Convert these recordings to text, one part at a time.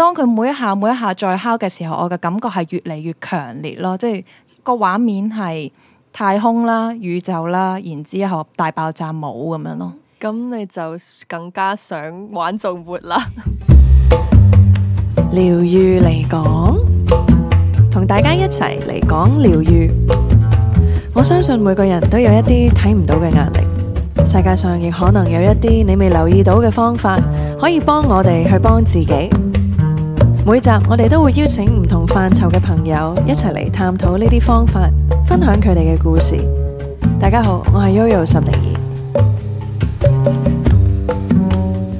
當佢每一下每一下再敲嘅時候，我嘅感覺係越嚟越強烈咯，即係個畫面係太空啦、宇宙啦，然之後大爆炸舞咁樣咯。咁你就更加想玩做活啦。療癒嚟講，同大家一齊嚟講療癒。我相信每個人都有一啲睇唔到嘅壓力，世界上亦可能有一啲你未留意到嘅方法，可以幫我哋去幫自己。每集我哋都會邀請唔同範疇嘅朋友一齊嚟探討呢啲方法，分享佢哋嘅故事。大家好，我係 Yoyo 岑玲儀。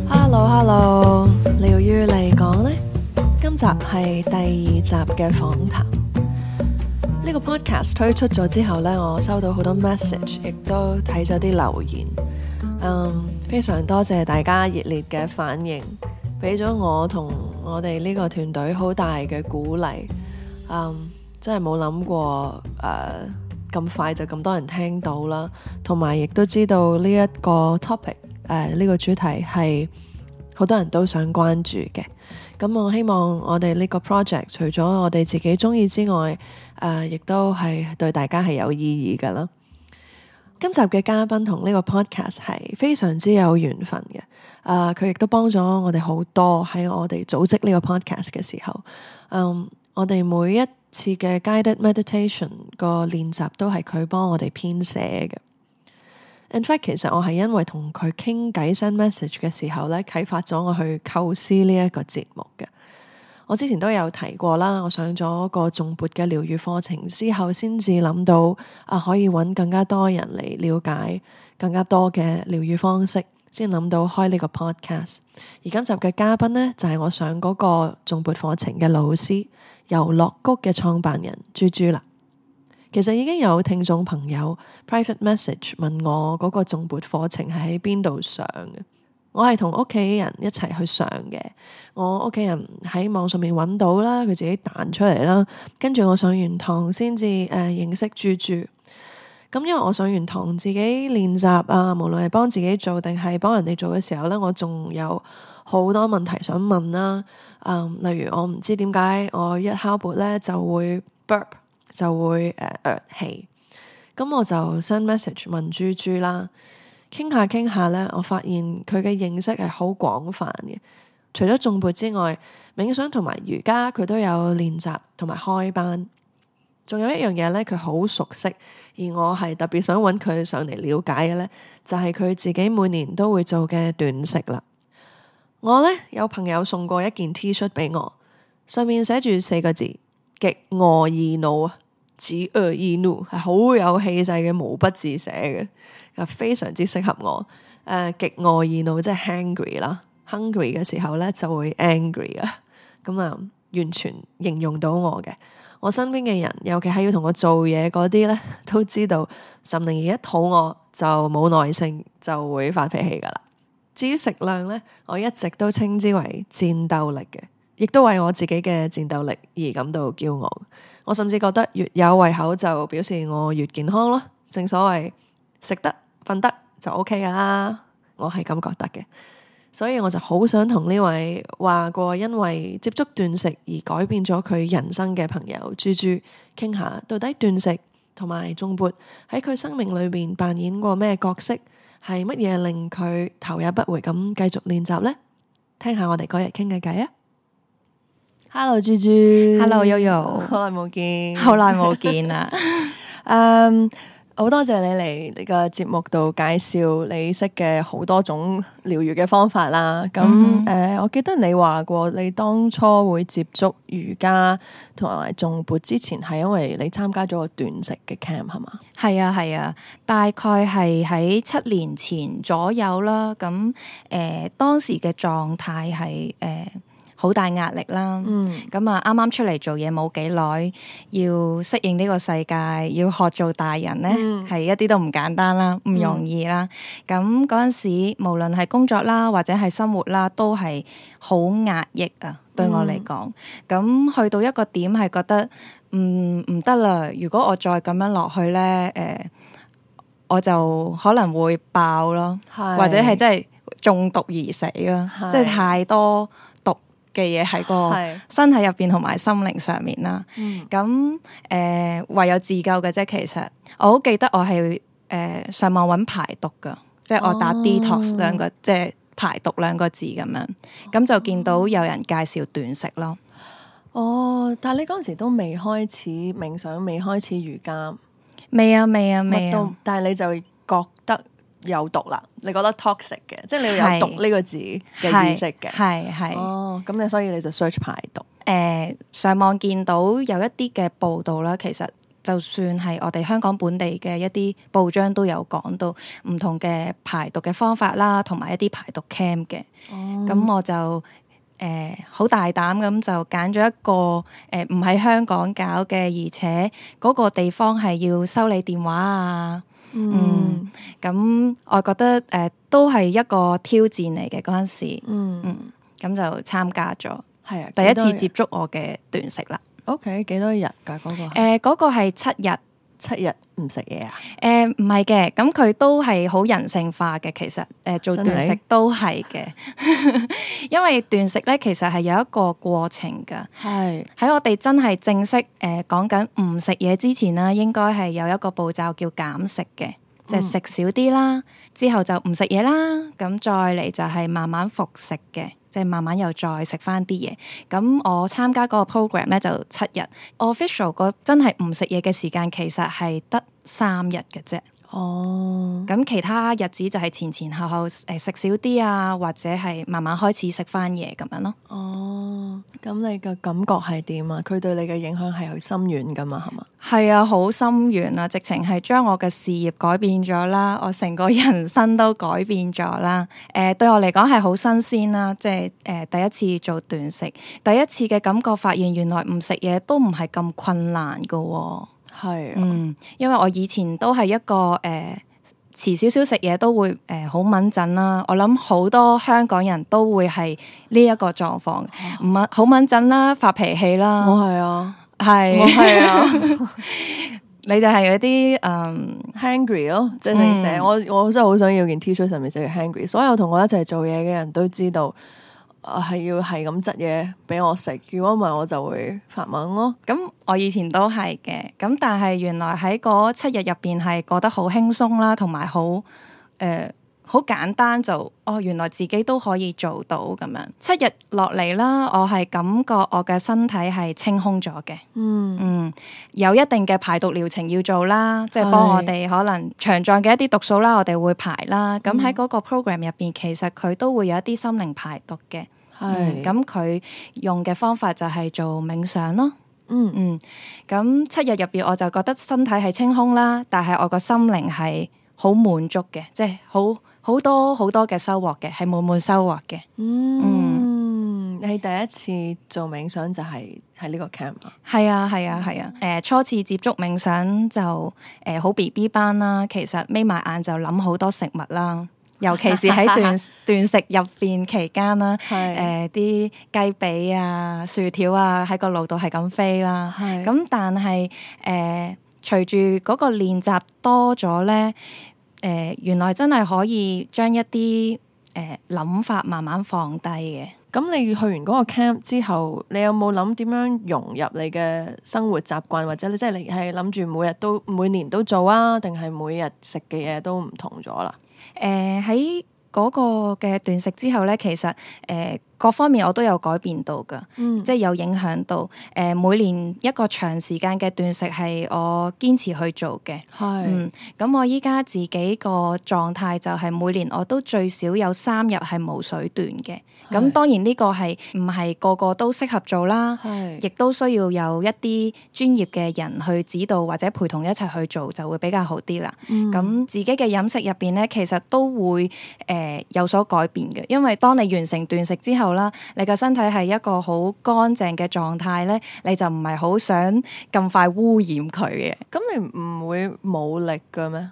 Hello，Hello，療愈嚟講呢，今集係第二集嘅訪談。呢個 podcast 推出咗之後呢，我收到好多 message，亦都睇咗啲留言。嗯、um，非常多謝大家熱烈嘅反應。俾咗我同我哋呢個團隊好大嘅鼓勵，嗯，真係冇諗過誒咁、呃、快就咁多人聽到啦，同埋亦都知道呢一個 topic 誒、呃、呢、呢個主題係好多人都想關注嘅。咁、嗯、我希望我哋呢個 project 除咗我哋自己中意之外，誒、呃、亦都係對大家係有意義噶啦。今集嘅嘉賓同呢個 podcast 係非常之有緣分嘅，誒、uh，佢亦都幫咗我哋好多，喺我哋組織呢個 podcast 嘅時候，um, 我哋每一次嘅 guided meditation 個練習都係佢幫我哋編寫嘅。In fact，其實我係因為同佢傾偈 send message 嘅時候咧，啟發咗我去構思呢一個節目嘅。我之前都有提過啦，我上咗個頌缽嘅療愈課程之後，先至諗到啊可以揾更加多人嚟了解更加多嘅療愈方式，先諗到開呢個 podcast。而今集嘅嘉賓呢，就係我上嗰個頌缽課程嘅老師，悠樂谷嘅創辦人朱朱啦。其實已經有聽眾朋友 private message 問我嗰個頌缽課程係喺邊度上嘅。我係同屋企人一齊去上嘅，我屋企人喺網上面揾到啦，佢自己彈出嚟啦，跟住我上完堂先至誒，認識朱朱。咁因為我上完堂自己練習啊，無論係幫自己做定係幫人哋做嘅時候呢，我仲有好多問題想問啦。嗯，例如我唔知點解我一敲缽呢就會 burp，就會誒、呃、氣，咁我就 send message 問朱朱啦。傾下傾下咧，我發現佢嘅認識係好廣泛嘅。除咗頌缽之外，冥想同埋瑜伽佢都有練習同埋開班。仲有一樣嘢咧，佢好熟悉，而我係特別想揾佢上嚟了解嘅咧，就係佢自己每年都會做嘅斷食啦。我咧有朋友送過一件 T 恤俾我，上面寫住四個字：極餓易怒，止餓易怒，係好有氣勢嘅毛筆字寫嘅。非常之適合我誒，極餓易怒，即係 hungry 啦，hungry 嘅時候咧就會 angry 啊，咁 啊、嗯，完全形容到我嘅。我身邊嘅人，尤其係要同我做嘢嗰啲咧，都知道陳零兒一肚餓就冇耐性，就會發脾氣噶啦。至於食量咧，我一直都稱之為戰鬥力嘅，亦都為我自己嘅戰鬥力而感到驕傲。我甚至覺得越有胃口就表示我越健康咯，正所謂。食得瞓得就 OK 噶啦，我係咁覺得嘅，所以我就好想同呢位話過因為接觸斷食而改變咗佢人生嘅朋友朱朱傾下，到底斷食同埋頌缽喺佢生命裏面扮演過咩角色，係乜嘢令佢頭也不回咁繼續練習呢？聽下我哋嗰日傾嘅偈啊！Hello 朱朱，Hello 悠悠，好耐冇見，好耐冇見啦， um, 好多謝你嚟呢個節目度介紹你識嘅好多種療癒嘅方法啦。咁誒、嗯哼呃，我記得你話過你當初會接觸瑜伽同埋頌缽之前，係因為你參加咗個斷食嘅 camp 係嘛？係啊係啊，大概係喺七年前左右啦。咁誒、呃，當時嘅狀態係誒。呃好大壓力啦，咁啊啱啱出嚟做嘢冇幾耐，要適應呢個世界，要學做大人咧，係、嗯、一啲都唔簡單啦，唔容易啦。咁嗰陣時，無論係工作啦，或者係生活啦，都係好壓抑啊。對我嚟講，咁、嗯、去到一個點係覺得，嗯唔得啦。如果我再咁樣落去咧，誒、呃，我就可能會爆咯，是或者係真係中毒而死啦，即係是太多，嘅嘢，喺個身體入邊同埋心靈上面啦，咁誒、嗯呃、唯有自救嘅啫。其實我好記得我係誒、呃、上網搵排毒噶，即係我打 detox 兩個、哦、即係排毒兩個字咁樣，咁、哦、就見到有人介紹斷食咯。哦，但係你嗰陣時都未開始冥想，未開始瑜伽，未啊未啊未到、啊，但係你就。有毒啦，你覺得 toxic 嘅，即係你要有毒呢個字嘅意識嘅，係係哦。咁你、oh, 所以你就 search 排毒。誒、呃，上網見到有一啲嘅報道啦，其實就算係我哋香港本地嘅一啲報章都有講到唔同嘅排毒嘅方法啦，同埋一啲排毒 cam 嘅。咁、oh. 我就誒好、呃、大膽咁就揀咗一個誒唔喺香港搞嘅，而且嗰個地方係要收你電話啊。Mm. 嗯。咁，我覺得誒、呃、都係一個挑戰嚟嘅嗰陣時，嗯，咁、嗯、就參加咗，係啊，第一次接觸我嘅斷食啦。O K，幾多日噶嗰、okay, 啊那個？誒、呃，嗰、那、係、個、七日，七日唔食嘢啊？誒、呃，唔係嘅，咁、嗯、佢都係好人性化嘅。其實誒、呃、做斷食都係嘅，的 因為斷食咧其實係有一個過程噶。係喺是我哋真係正式誒、呃、講緊唔食嘢之前啦，應該係有一個步驟叫減食嘅。就食少啲啦，之後就唔食嘢啦，咁再嚟就係慢慢服食嘅，即係慢慢又再食翻啲嘢。咁我參加嗰個 program 咧就七日，official 嗰真係唔食嘢嘅時間其實係得三日嘅啫。哦，咁其他日子就係前前後後誒、呃、食少啲啊，或者係慢慢開始食翻嘢咁樣咯。哦，咁你嘅感覺係點啊？佢對你嘅影響係好深遠噶嘛？係嘛？係啊，好深遠啊！直情係將我嘅事業改變咗啦，我成個人生都改變咗啦。誒、呃，對我嚟講係好新鮮啦、啊，即係誒、呃、第一次做斷食，第一次嘅感覺，發現原來唔食嘢都唔係咁困難噶、喎。係，啊、嗯，因為我以前都係一個誒，遲少少食嘢都會誒好、呃、敏感啦。我諗好多香港人都會係呢一個狀況，唔、啊、敏好敏感啦，發脾氣啦，係、哦、啊，係係是、哦、啊， 你就係一啲誒 hangry 咯，即係成我我真係好想要件 T 恤上面寫住 hangry，所有同我一齊做嘢嘅人都知道。啊、我係要係咁執嘢俾我食，如果唔係我就會發懵咯。咁、嗯、我以前都係嘅，咁、嗯、但係原來喺嗰七日入邊係過得好輕鬆啦，同埋好誒。呃好簡單就哦，原來自己都可以做到咁樣七日落嚟啦。我係感覺我嘅身體係清空咗嘅，嗯嗯，有一定嘅排毒療程要做啦，是即係幫我哋可能腸臟嘅一啲毒素啦，我哋會排啦。咁喺嗰個 program 入邊，其實佢都會有一啲心靈排毒嘅，係咁佢用嘅方法就係做冥想咯，嗯嗯，咁、嗯、七日入邊我就覺得身體係清空啦，但係我個心靈係好滿足嘅，即係好。好多好多嘅收穫嘅，係滿滿收穫嘅。嗯，嗯，你第一次做冥想就係喺呢個 camp 啊？係啊，係、嗯、啊，係啊。誒，初次接觸冥想就誒好、呃、B B 班啦。其實眯埋眼就諗好多食物啦，尤其是喺斷斷食入面期間啦。係誒啲雞髀啊、薯條啊，喺個腦度係咁飛啦。係咁 是，但係誒隨住嗰個練習多咗咧。呢 誒、呃、原來真係可以將一啲誒諗法慢慢放低嘅。咁你去完嗰個 camp 之後，你有冇諗點樣融入你嘅生活習慣，或者你即係你係諗住每日都、每年都做啊？定係每日食嘅嘢都唔同咗啦？誒喺、呃。嗰個嘅斷食之後咧，其實誒、呃、各方面我都有改變到㗎，嗯、即係有影響到。誒、呃、每年一個長時間嘅斷食係我堅持去做嘅，係是。咁、嗯、我依家自己個狀態就係每年我都最少有三日係冇水斷嘅。咁當然呢個係唔係個個都適合做啦，亦是都需要有一啲專業嘅人去指導或者陪同一齊去做就會比較好啲啦。咁、嗯、自己嘅飲食入邊咧，其實都會誒、呃、有所改變嘅，因為當你完成斷食之後啦，你個身體係一個好乾淨嘅狀態咧，你就唔係好想咁快污染佢嘅。咁、嗯、你唔會冇力嘅咩？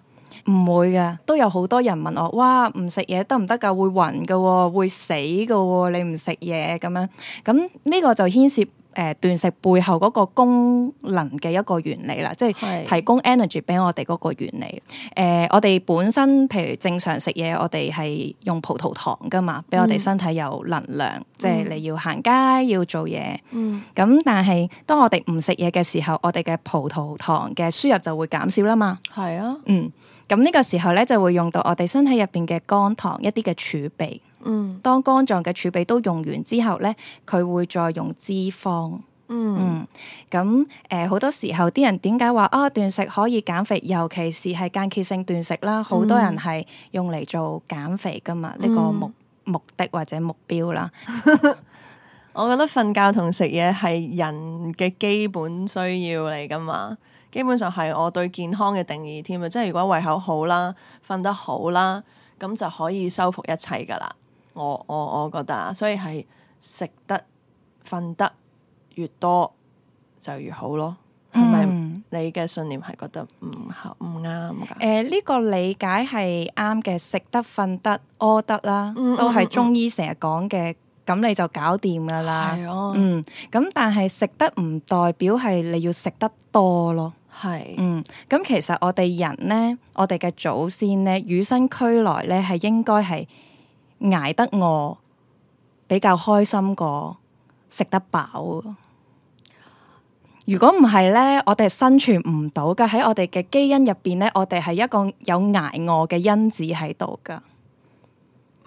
唔會㗎，都有好多人問我，哇，唔食嘢得唔得㗎？會暈㗎喎、哦，會死㗎喎、哦，你唔食嘢咁樣，咁呢個就牽涉。誒、呃、斷食背後嗰個功能嘅一個原理啦，是即係提供 energy 俾我哋嗰個原理。誒、呃，我哋本身譬如正常食嘢，我哋係用葡萄糖噶嘛，俾我哋身體有能量，嗯、即係你要行街要做嘢。咁、嗯、但係當我哋唔食嘢嘅時候，我哋嘅葡萄糖嘅輸入就會減少啦嘛。係啊，嗯，咁呢個時候咧就會用到我哋身體入邊嘅肝糖一啲嘅儲備。嗯，當肝臟嘅儲備都用完之後咧，佢會再用脂肪。嗯，咁誒、嗯，好、呃、多時候啲人點解話啊斷食可以減肥，尤其是係間歇性斷食啦，好多人係用嚟做減肥噶嘛，呢、嗯、個目目的或者目標啦。 我覺得瞓覺同食嘢係人嘅基本需要嚟噶嘛，基本上係我對健康嘅定義添啊，即係如果胃口好啦，瞓得好啦，咁就可以修復一切噶啦。我我我覺得，所以係食得瞓得越多就越好咯，係咪？你嘅信念係覺得唔合唔啱㗎？誒，呢、呃，這個理解係啱嘅，食得瞓得屙得啦，都係中醫成日講嘅，咁你就搞掂㗎喇。啊、嗯，咁但係食得唔代表係你要食得多咯。係，嗯，咁其實我哋人咧，我哋嘅祖先咧，與生俱來咧，係應該係挨得餓比較開心過食得飽。如果唔係呢，我哋生存唔到噶。喺我哋嘅基因入邊呢，我哋係一個有挨餓嘅因子喺度噶。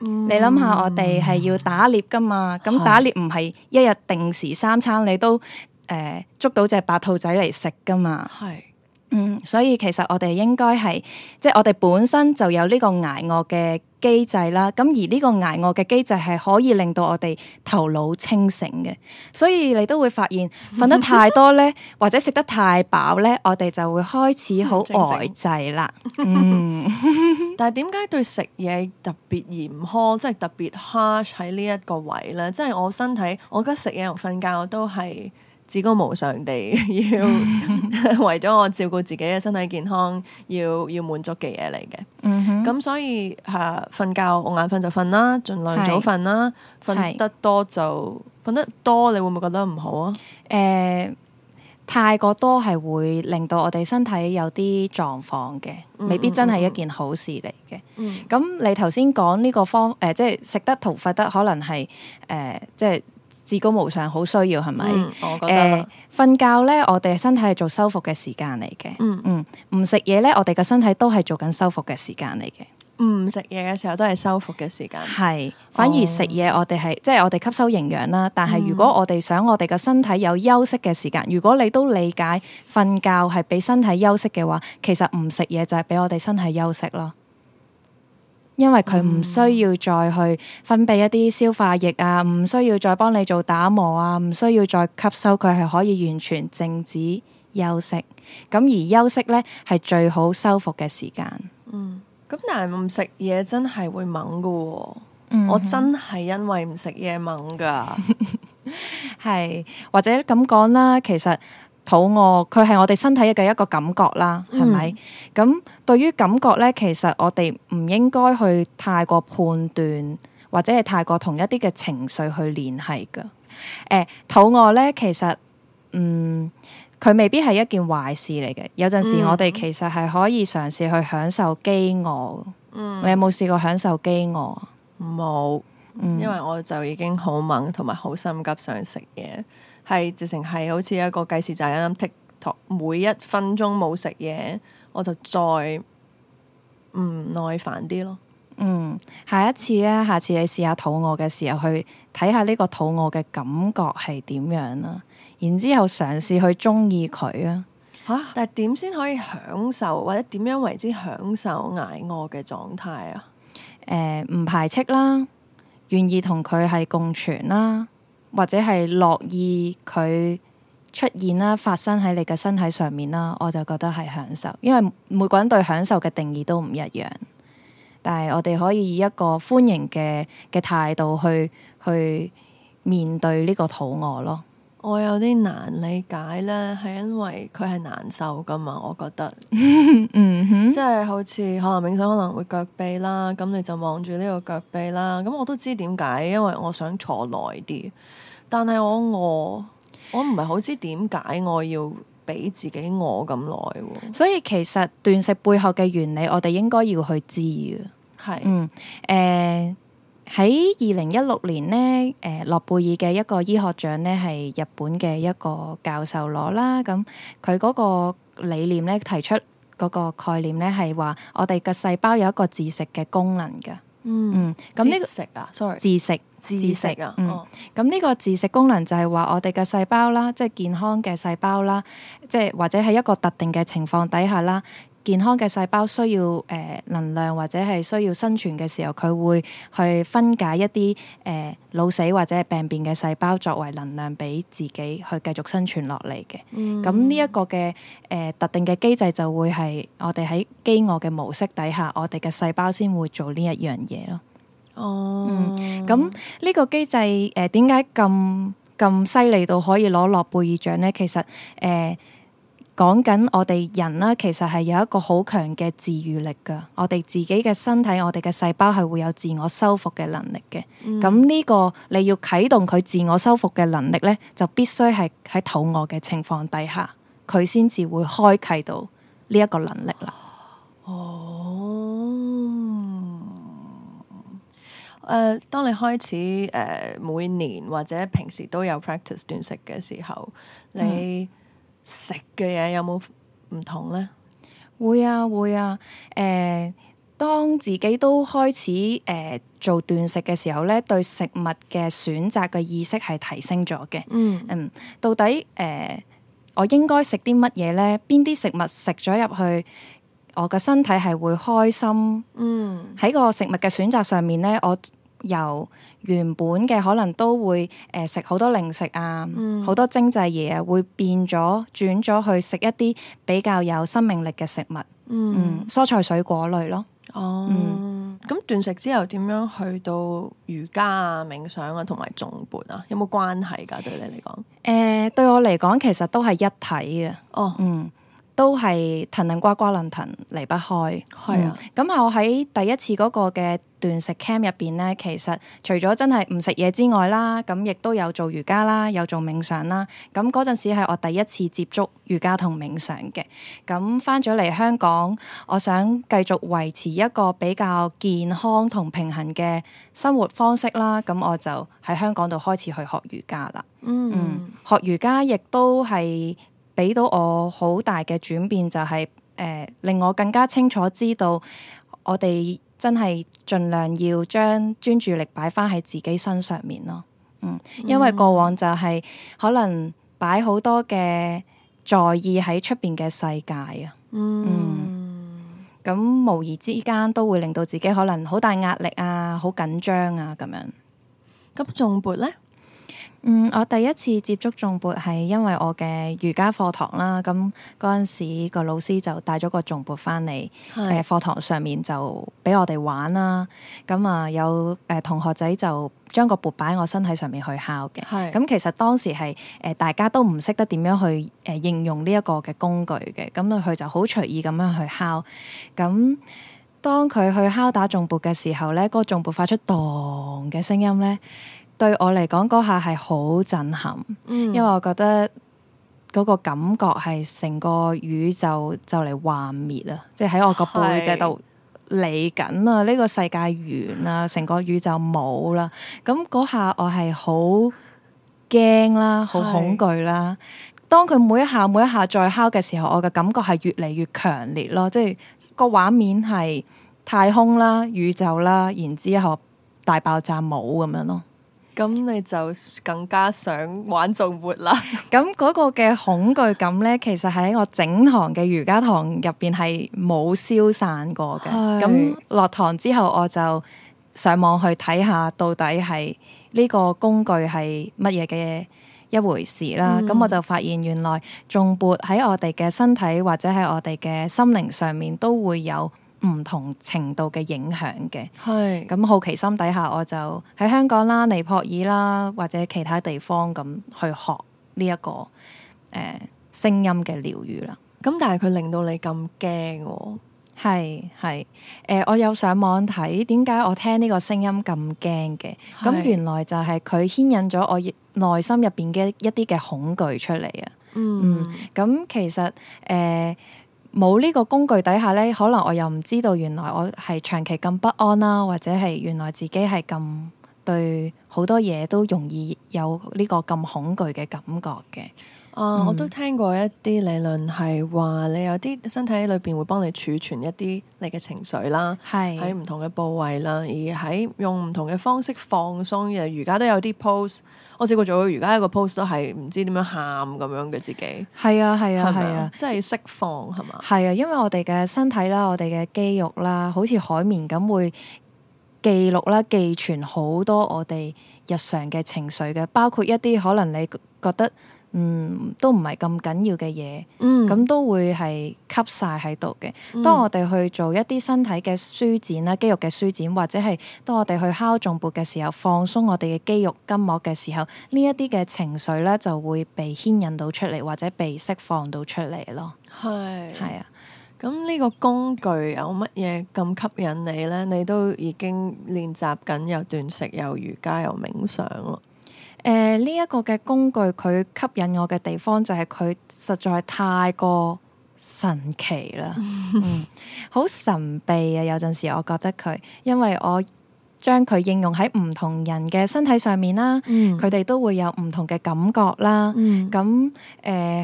嗯、你諗下，我哋係要打獵噶嘛？咁、嗯、打獵唔係一日定時三餐，是你都誒、呃、捉到隻白兔仔嚟食噶嘛？係。嗯，所以其實我哋應該係，即係我哋本身就有呢個捱餓嘅機制啦。咁而呢個捱餓嘅機制係可以令到我哋頭腦清醒嘅。所以你都會發現，瞓得太多咧， 或者食得太飽咧，我哋就會開始好呆滯啦。嗯，但係點解對食嘢特別嚴苛，即係特別 harsh 喺呢一個位咧？即係我身體，我覺得食嘢同瞓覺我都係。至高無上地要為咗我照顧自己嘅身體健康，要要滿足嘅嘢嚟嘅。咁、嗯、哼所以吓瞓、啊、覺，我眼瞓就瞓啦，盡量早瞓啦。瞓是得多就瞓得多，你會唔會覺得唔好啊？誒、呃，太過多係會令到我哋身體有啲狀況嘅，未必真係一件好事嚟嘅。咁你頭先講呢個方誒、呃，即係食得同瞓得，可能係誒、呃，即係。至高無上，好需要係咪、嗯？我覺得呃、瞓覺咧，我哋身體係做修復嘅時間嚟嘅。嗯，唔食嘢咧，我哋嘅身體都係做緊修復嘅時間嚟嘅。唔食嘢嘅時候都係修復嘅時間，係。反而食嘢，哦、我哋係即係我哋吸收營養啦。但係如果我哋想我哋嘅身體有休息嘅時間，嗯、如果你都理解瞓覺係俾身體休息嘅話，其實唔食嘢就係俾我哋身體休息咯。因為佢唔需要再去分泌一啲消化液啊，唔需要再幫你做打磨啊，唔需要再吸收，佢係可以完全靜止休息。咁而休息呢係最好修復嘅時間。嗯，咁但係唔食嘢真係會猛噶喎、哦。嗯、哼我真係因為唔食嘢猛噶，係 或者咁講啦，其實。肚餓，佢係我哋身體嘅一個感覺啦，係咪？咁、mm. 嗯嗯、對於感覺咧，其實我哋唔應該去太過判斷，或者係太過同一啲嘅情緒去聯繫㗎。誒、呃，肚餓咧，其實，嗯，佢未必係一件壞事嚟嘅。有陣時、mm. 我哋其實係可以嘗試去享受飢餓。Mm. 你有冇試過享受飢餓？冇有，嗯、因為我就已經好猛，同埋好心急想食嘢係直情係好似一個計時炸彈 tick 托每一分鐘冇食嘢，我就再唔耐煩啲咯。嗯，下一次咧，下次你試下肚餓嘅時候去睇下呢個肚餓嘅感覺係點樣啦，然之後嘗試去中意佢啊。吓，但係點先可以享受，或者點樣為之享受挨餓嘅狀態啊？誒、呃，唔排斥啦，願意同佢係共存啦。或者係樂意佢出現啦、發生喺你嘅身體上面啦，我就覺得係享受。因為每個人對享受嘅定義都唔一樣，但係我哋可以以一個歡迎嘅嘅態度去去面對呢個肚餓咯。我有啲難理解咧，係因為佢係難受㗎嘛，我覺得， 嗯哼，即係好似可能冥想可能會腳痹啦，咁你就望住呢個腳痹啦，咁我都知點解，因為我想坐耐啲，但係我餓，我唔係好知點解我要俾自己餓咁耐，所以其實斷食背後嘅原理我，我哋應該要去知嘅，係，嗯，誒、呃。喺二零一六年咧，誒、呃、諾貝爾嘅一個醫學獎咧，係日本嘅一個教授攞啦，咁佢嗰個理念咧，提出嗰個概念咧係話，我哋嘅細胞有一個自食嘅功能嘅。嗯，咁呢、嗯呢個自食啊，sorry，自食自食啊。Sorry、食食嗯，咁呢、啊 oh. 嗯、個自食功能就係話我哋嘅細胞啦，即、就、係、是、健康嘅細胞啦，即、就、係、是、或者喺一個特定嘅情況底下啦。健康嘅細胞需要誒、呃、能量或者係需要生存嘅時候，佢會去分解一啲誒、呃、老死或者係病變嘅細胞作為能量俾自己去繼續生存落嚟嘅。咁呢一個嘅誒、呃、特定嘅機制就會係我哋喺飢餓嘅模式底下，我哋嘅細胞先會做呢一樣嘢咯。哦，咁呢、嗯、個機制誒點解咁咁犀利到可以攞諾貝爾獎咧？其實誒、呃講緊我哋人啦、啊，其實係有一個好強嘅自愈力噶。我哋自己嘅身體，我哋嘅細胞係會有自我修復嘅能力嘅。咁呢、嗯這個你要啟動佢自我修復嘅能力呢，就必須係喺肚餓嘅情況底下，佢先至會開啟到呢一個能力啦。哦，誒、呃，當你開始誒、呃、每年或者平時都有 practice 斷食嘅時候，嗯、你。食嘅嘢有冇唔同咧、啊？會啊會啊，誒、呃，當自己都開始誒、呃、做斷食嘅時候咧，對食物嘅選擇嘅意識係提升咗嘅。嗯，嗯，到底誒、呃、我應該食啲乜嘢咧？邊啲食物食咗入去，我嘅身體係會開心？嗯，喺個食物嘅選擇上面咧，我。由原本嘅可能都會誒、呃、食好多零食啊，好、嗯、多精製嘢啊，會變咗轉咗去食一啲比較有生命力嘅食物，嗯，嗯，蔬菜水果類咯。哦，咁斷、嗯、食之後點樣去到瑜伽啊、冥想啊同埋頌缽啊，有冇關係㗎對你嚟講？誒、呃，對我嚟講其實都係一體嘅。哦，嗯。都係騰騰呱呱論騰離不開，係啊！咁、嗯、我喺第一次嗰個嘅斷食 camp 入邊咧，其實除咗真係唔食嘢之外啦，咁亦都有做瑜伽啦，有做冥想啦。咁嗰陣時係我第一次接觸瑜伽同冥想嘅。咁返咗嚟香港，我想繼續維持一個比較健康同平衡嘅生活方式啦。咁我就喺香港度開始去學瑜伽啦。嗯，嗯，學瑜伽亦都係。俾到我好大嘅轉變就係、是、誒、呃，令我更加清楚知道我哋真係盡量要將專注力擺翻喺自己身上面咯，嗯，因為過往就係可能擺好多嘅在意喺出邊嘅世界啊，嗯，咁、嗯、無疑之間都會令到自己可能好大壓力啊，好緊張啊，咁樣，咁仲撥呢？嗯，我第一次接觸頌缽係因為我嘅瑜伽課堂啦，咁嗰陣時個老師就帶咗個頌缽翻嚟，誒是、呃、課堂上面就俾我哋玩啦。咁啊，有誒、呃、同學仔就將個缽擺喺我身體上面去敲嘅。咁是其實當時係誒、呃、大家都唔識得點樣去誒、呃、應用呢一個嘅工具嘅，咁佢就好隨意咁樣去敲。咁當佢去敲打頌缽嘅時候咧，嗰、那、頌、個、缽發出噹嘅聲音咧。對我嚟講，嗰下係好震撼。嗯、因為我覺得嗰個感覺係成個宇宙就嚟幻滅啦，即係喺我個背脊度嚟緊啊。呢是個世界完啦，成個宇宙冇啦。咁嗰下我係好驚啦，好恐懼啦。是當佢每一下每一下再敲嘅時候，我嘅感覺係越嚟越強烈咯，即係個畫面係太空啦、宇宙啦，然之後大爆炸冇咁樣咯。咁你就更加想玩頌缽啦。咁嗰個嘅恐懼感咧，其實喺我整堂嘅瑜伽堂入邊係冇消散過嘅。咁落是堂之後，我就上網去睇下到底係呢個工具係乜嘢嘅一回事啦。咁、嗯、我就發現原來頌缽喺我哋嘅身體或者喺我哋嘅心靈上面都會有唔同程度嘅影響嘅，係咁是好奇心底下，我就喺香港啦、尼泊爾啦或者其他地方咁去學呢、這、一個誒聲、呃、音嘅療癒啦。咁但係佢令到你咁驚、哦，係係誒，我有上網睇點解我聽呢個聲音咁驚嘅，咁是原來就係佢牽引咗我內心入邊嘅一啲嘅恐懼出嚟啊。嗯，咁、嗯、其實誒。呃冇呢個工具底下咧，可能我又唔知道原來我係長期咁不安啦，或者係原來自己係咁對好多嘢都容易有呢個咁恐懼嘅感覺嘅。啊！Uh, 嗯、我都聽過一啲理論，係話你有啲身體裏邊會幫你儲存一啲你嘅情緒啦，喺唔是同嘅部位啦，而喺用唔同嘅方式放鬆。而瑜伽都有啲 pose，我試過做瑜伽一個 pose 都係唔知點樣喊咁樣嘅自己。係啊係啊係啊，即係釋放係嘛？係啊，因為我哋嘅身體啦，我哋嘅肌肉啦，好似海綿咁會記錄啦、寄存好多我哋日常嘅情緒嘅，包括一啲可能你覺得。嗯，都唔係咁緊要嘅嘢，咁、嗯、都會係吸晒喺度嘅。嗯、當我哋去做一啲身體嘅舒展啦，肌肉嘅舒展，或者係當我哋去敲頌缽嘅時候，放鬆我哋嘅肌肉筋膜嘅時候，呢一啲嘅情緒咧就會被牽引到出嚟，或者被釋放到出嚟咯。係係啊，咁呢個工具有乜嘢咁吸引你咧？你都已經練習緊，又斷食又瑜伽又冥想咯。誒呢一個嘅工具，佢吸引我嘅地方就係、是、佢實在太過神奇啦，好、 嗯、神秘啊！有陣時我覺得佢，因為我將佢應用喺唔同人嘅身體上面啦，佢哋、嗯、都會有唔同嘅感覺啦。咁誒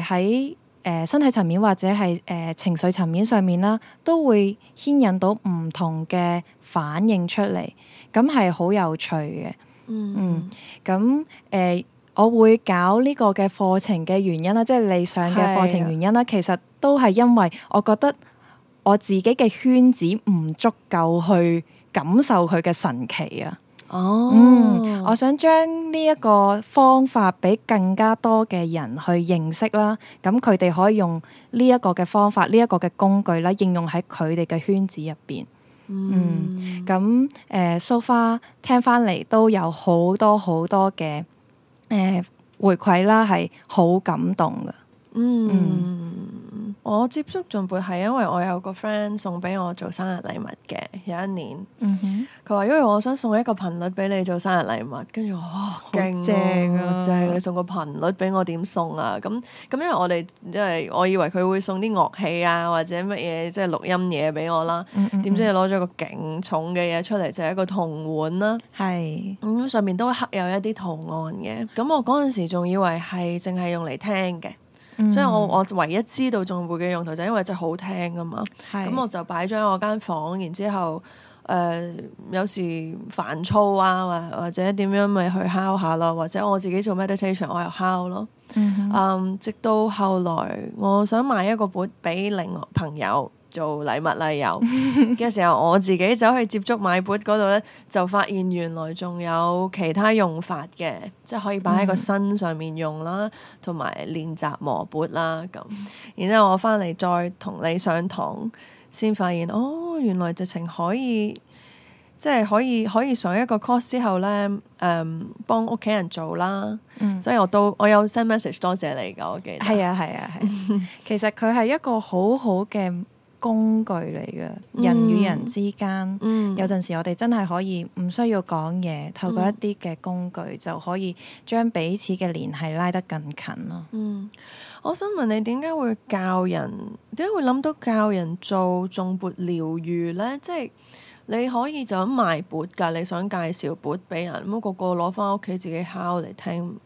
喺誒身體層面或者係誒、呃、情緒層面上面啦，都會牽引到唔同嘅反應出嚟，咁係好有趣嘅。嗯，咁誒、呃，我會搞呢個嘅課程嘅原因啦，即係你上嘅課程原因啦，是的 其實都係因為我覺得我自己嘅圈子唔足夠去感受佢嘅神奇啊。哦、嗯，我想將呢一個方法俾更加多嘅人去認識啦，咁佢哋可以用呢一個嘅方法，呢、這、一個嘅工具啦，應用喺佢哋嘅圈子入邊。Mm hmm. 嗯，咁誒 so far 聽翻嚟都有好多好多嘅誒、呃、回饋啦，係好感動嘅。Mm hmm. 嗯。我接觸頌缽係因為我有個 friend 送俾我做生日禮物嘅，有一年，佢話、嗯、哼因為我想送一個頻率俾你做生日禮物，跟住我，好、哦啊、正啊！就正你送個頻率俾我點送啊？咁咁因為我哋即係我以為佢會送啲樂器啊或者乜嘢即係錄音嘢俾我啦，點、嗯嗯嗯、知你攞咗個勁重嘅嘢出嚟就係、是、一個銅碗啦，係咁是、嗯、上面都刻有一啲圖案嘅。咁我嗰陣時仲以為係淨係用嚟聽嘅。.嗯、所以我我唯一知道頌缽嘅用途就係因為真係好聽㗎嘛，咁的、嗯、我就擺咗喺我間房，然之後誒、呃、有時煩躁啊或或者點樣咪去敲下咯，或者我自己做 meditation 我又敲咯，嗯哼，um, 直到後來我想買一個缽俾另外朋友。做禮物啦，又嘅時候，我自己走去接觸買缽嗰度咧，就發現原來仲有其他用法嘅，即係可以擺喺個身上面用啦，同埋練習磨缽啦咁。然之後我翻嚟再同你上堂，先發現哦，原來直情可以，即係可以可以上一個 course 之後咧，誒、嗯，幫屋企人做啦。嗯、所以我都我有 send message 多謝你噶，我記得係啊係啊係。啊 其實佢係一個好好嘅。工具嚟嘅。人與人之間、嗯、有陣時，我哋真係可以唔需要講嘢，透過一啲嘅工具、嗯、就可以將彼此嘅聯繫拉得更近咯。嗯，我想問你點解會教人點解會諗到教人做頌缽療愈咧？即、就、係、是、你可以就咁賣缽㗎，你想介紹缽俾人咁個個攞翻屋企自己敲嚟聽。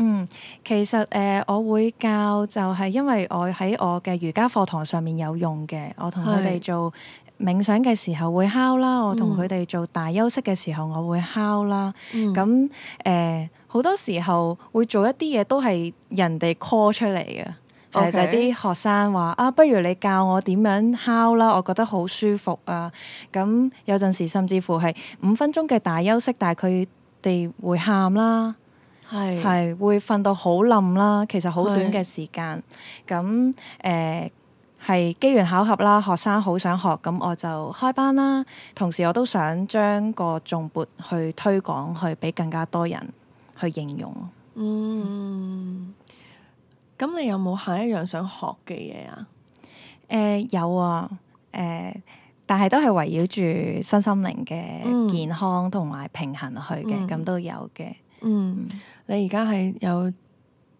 嗯，其實誒、呃，我會教就係因為我喺我嘅瑜伽課堂上面有用嘅，我同佢哋做冥想嘅時候會敲啦，我同佢哋做大休息嘅時候我會敲啦。咁誒，好多時候會做一啲嘢都係人哋 call 出嚟嘅，Okay. 是就係啲學生話啊，不如你教我點樣敲啦，我覺得好舒服啊。咁、嗯、有陣時甚至乎係五分鐘嘅大休息，但係佢哋會喊啦。係，會瞓到好冧啦。其實好短嘅時間，咁誒係機緣巧合啦。學生好想學，咁我就開班啦。同時我都想將個頌缽去推廣，去俾更加多人去應用。嗯，咁你有冇下一樣想學嘅嘢啊？誒、呃，有啊。誒、呃，但係都係圍繞住身心靈嘅健康同埋平衡去嘅，咁、嗯、都有嘅。嗯。你而家係有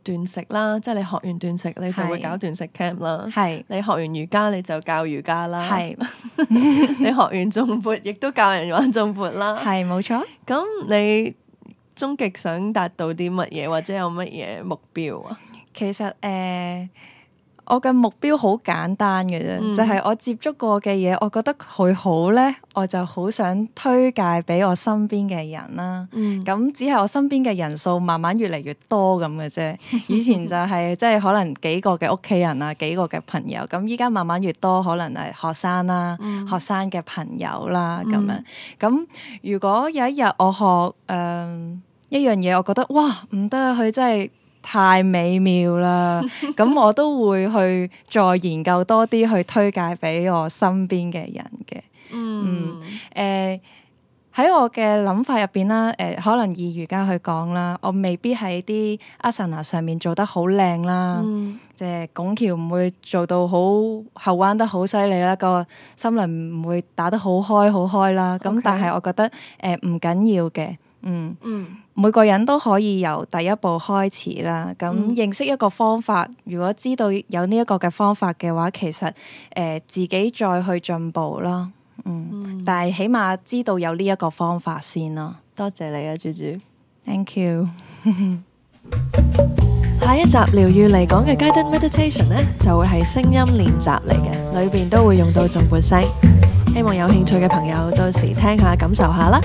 斷食啦，即係你學完斷食，你就會搞斷食 camp 啦。係的你學完瑜伽，你就教瑜伽啦。係是的 你學完頌缽，亦都教人玩頌缽啦。係冇錯。咁你終極想達到啲乜嘢，或者有乜嘢目標啊？ 其實誒。呃我嘅目標好簡單嘅啫，嗯、就係我接觸過嘅嘢，我覺得佢好咧，我就好想推介俾我身邊嘅人啦。咁、嗯、只係我身邊嘅人數慢慢越嚟越多咁嘅啫。以前就係、是、 即係可能幾個嘅屋企人啊，幾個嘅朋友。咁依家慢慢越多，可能係學生啦，嗯、學生嘅朋友啦咁樣。咁、嗯、如果有一日我學誒、呃、一樣嘢，我覺得哇唔得啊！佢真係～太美妙啦！咁 我都會去再研究多啲，去推介俾我身邊嘅人嘅。嗯，誒、嗯，喺、呃、我嘅諗法入邊啦，誒、呃，可能以瑜伽去講啦，我未必喺啲 asana 上面做得好靚啦，即係、嗯、拱橋唔會做到好後彎得好犀利啦，個心輪唔會打得好開好開啦。咁 Okay. 但係我覺得誒唔、呃、緊要嘅。嗯，嗯，每個人都可以由第一步開始啦。咁、嗯、認識一個方法，如果知道有呢一個嘅方法嘅話，其實誒、呃、自己再去進步啦。嗯，嗯，但係起碼知道有呢一個方法先啦。多謝你啊，朱朱，Thank you。 下一集療癒嚟講嘅 Guided Meditation 呢，就會係聲音練習嚟嘅，裏邊都會用到頌缽聲。希望有興趣嘅朋友到時聽下感受下啦。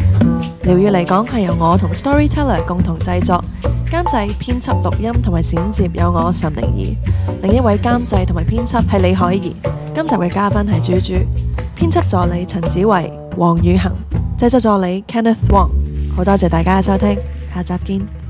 療癒嚟講係由我同 storyteller 共同製作，監製、編輯、錄音同埋剪接有我岑靈儀，另一位監製同埋編輯係李海怡。今集嘅嘉賓係朱朱，編輯助理陳子維、黃宇恒，製作助理 Kenneth Wong。好多謝大家嘅收聽，下集見。